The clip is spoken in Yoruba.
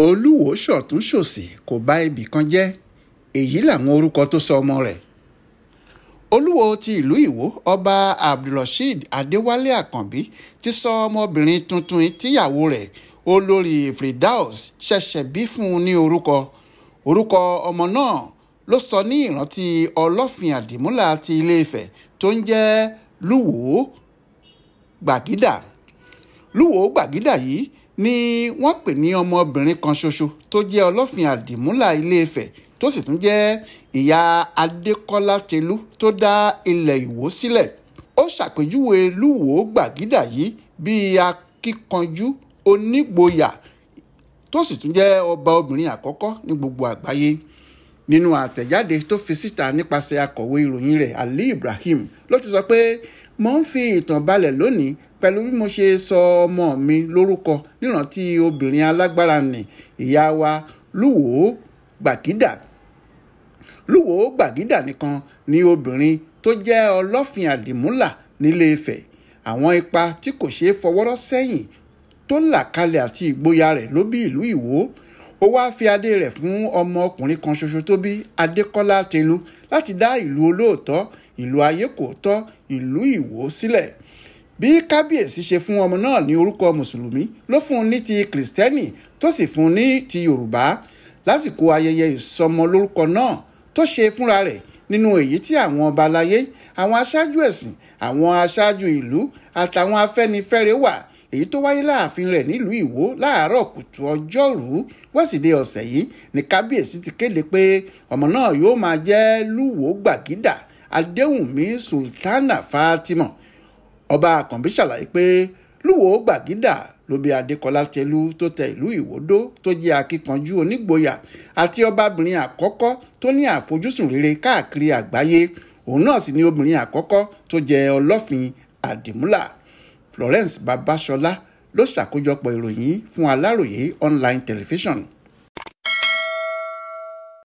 olúwo ṣọ̀tún ṣòsì kò bá ibì kan jẹ́ èyí làwọn orúkọ tó sọ ọmọ rẹ̀ olúwo ti ìlú ìwó ọba abdulrasheed adéwálé àkànbí ti sọ ọmọbìnrin tuntun tíyàwó rẹ̀ olórí fridaus ṣẹ̀ṣẹ̀ bí fún un ní orúkọ orúkọ ọmọ náà ló sọ ní ìrántí ọlọ́fin àdìmúlà ti ilé tó ń jẹ́ lúwo gbàgídà lúwo gbàgídà yìí ni wọ́n pè ní ọmọbìnrin kan ṣoṣo tó jẹ́ ọlọ́fin àdìmúlà Ilé-Ifẹ̀ tó sì tún jẹ́ ìyá Adékọ́lá Tẹ̀lú tó dá ilẹ̀ Ìwó sílẹ̀ ó ṣàpèjúwe Lúwò Gbàgídà yìí bíi akíkanjú onígboyà tó sì tún jẹ́ ọba obìnrin àkọ́kọ́ ní gbogbo àgbáyé nínú àtẹ̀jáde tó fi síta nípasẹ̀ akọ̀wé ìròyìn rẹ̀ Ali Ibrahim ló ti sọ pé mo ń fi ìtàn balẹ̀ lónìí pẹ̀lú bí mo ṣe sọ ọmọ mi lórúkọ nírántí obìnrin alágbára nì ìyá wa lúwòó gbàgídà lúwòó gbàgídà nìkan ni obìnrin tó jẹ́ ọlọ́fin àdìmúlà nílé Ifẹ̀ àwọn ipa tí kò ṣeé fọwọ́rọ́ sẹ́yìn tó là kalẹ̀ àti ìgboyà rẹ̀ ló bí ìlú Ìwó ó wáá fi adé rẹ̀ fún ọmọ ọkùnrin kan ṣoṣo tó bí adékọ́lá telu láti dá ìlú olóòótọ́ ìlú ayékòótọ́ ìlú ìwó sílẹ̀ bí kábíyèsí ṣe fún ọmọ náà ní orúkọ mùsùlùmí ló fún un ní ti kìrìsìtẹ́nì tó sì fún un ní ti yorùbá lásìkò ayẹyẹ ìsọmọlórúkọ náà tó ṣe fúnra rẹ̀ nínú èyí tí àwọn ọba aláyé àwọn aṣáájú ẹ̀sìn àwọn aṣáájú ìlú àtàwọn afẹ́nifẹ́re wà èyí tó wáyé láàfin rẹ̀ nílùú ìwó láàárọ̀ kùtù ọjọ́rú wẹ́sídẹ̀ẹ́ ọ̀sẹ̀ yìí ní kábíyèsí ti kéde pé ọmọ náà yóò máa jẹ́ lúwo gbàgídà adéhùnmí sultana fatima ọba àkànbí ṣàlàyé pé lúwo gbàgídà lóbi adékọlá tẹlú tó tẹ ìlú ìwòdó tó jẹ́ akíkanjú onígboyà àti ọbabìnrin àkọ́kọ́ tó ní àfojúsùn rere káàkiri àgbáyé òun náà sì ni obìnrin àkọ́kọ́ tó jẹ́ ọlọ́fin àdìmúlà Florence Babasola ló ṣàkójọpọ̀ ìròyìn fún Aláròyé online television.